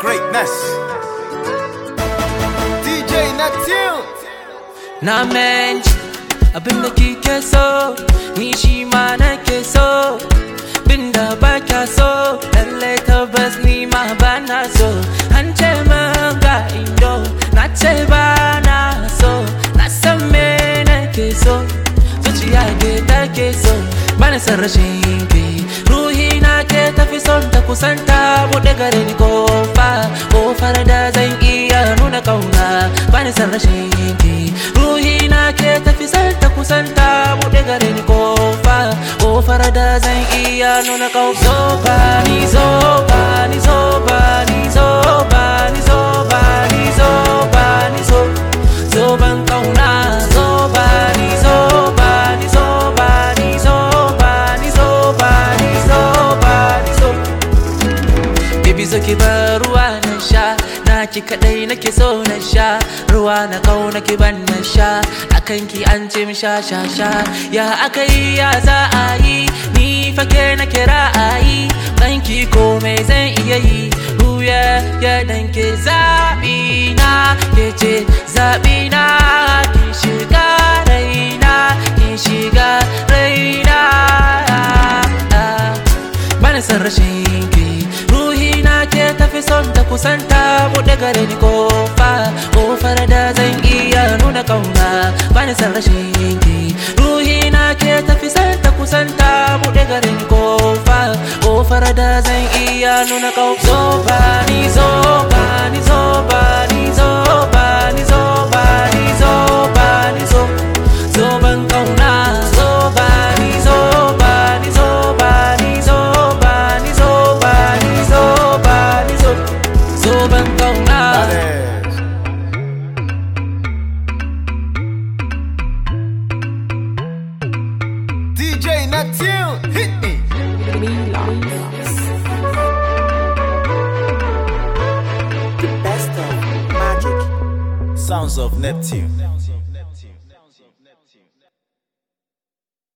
Greatness. DJ Natune. Na menji abin da kike so ni shi ma nake so bin da baka so lalle tabbas ni mabana so an ce ga indo na cheba na so na san me nake so zuciya ke take so bana san son ta kusanta buɗe gare ni kofa kofar da zan iya nuna kauna bani san rashin ki ruhi na ke tafi san ta kusanta buɗe gare ni kofa kofar da zan iya nuna kauna zo ka ni zo nake ba ruwa na sha naki kadai nake so na sha ruwa na kau nake ban na sha akan ki an ce mi sha sha sha ya akai ya za a yi ni fake na ra'ayi a yi dan ki komai zan iya yi huya ya dan ke zabi na ke ce zabi na ki shiga raina ki shiga raina ah, ah. bana san rashin son ta kusanta buɗe gare ni kofa kofar da zan iya nuna kauna bani san rashin ruhi na ke tafi san ta kusanta buɗe gare ni kofa kofar da zan iya nuna kauna zo ba ni zo ba zo ba siento DJ hit me. best of magic. Sounds of Neptune.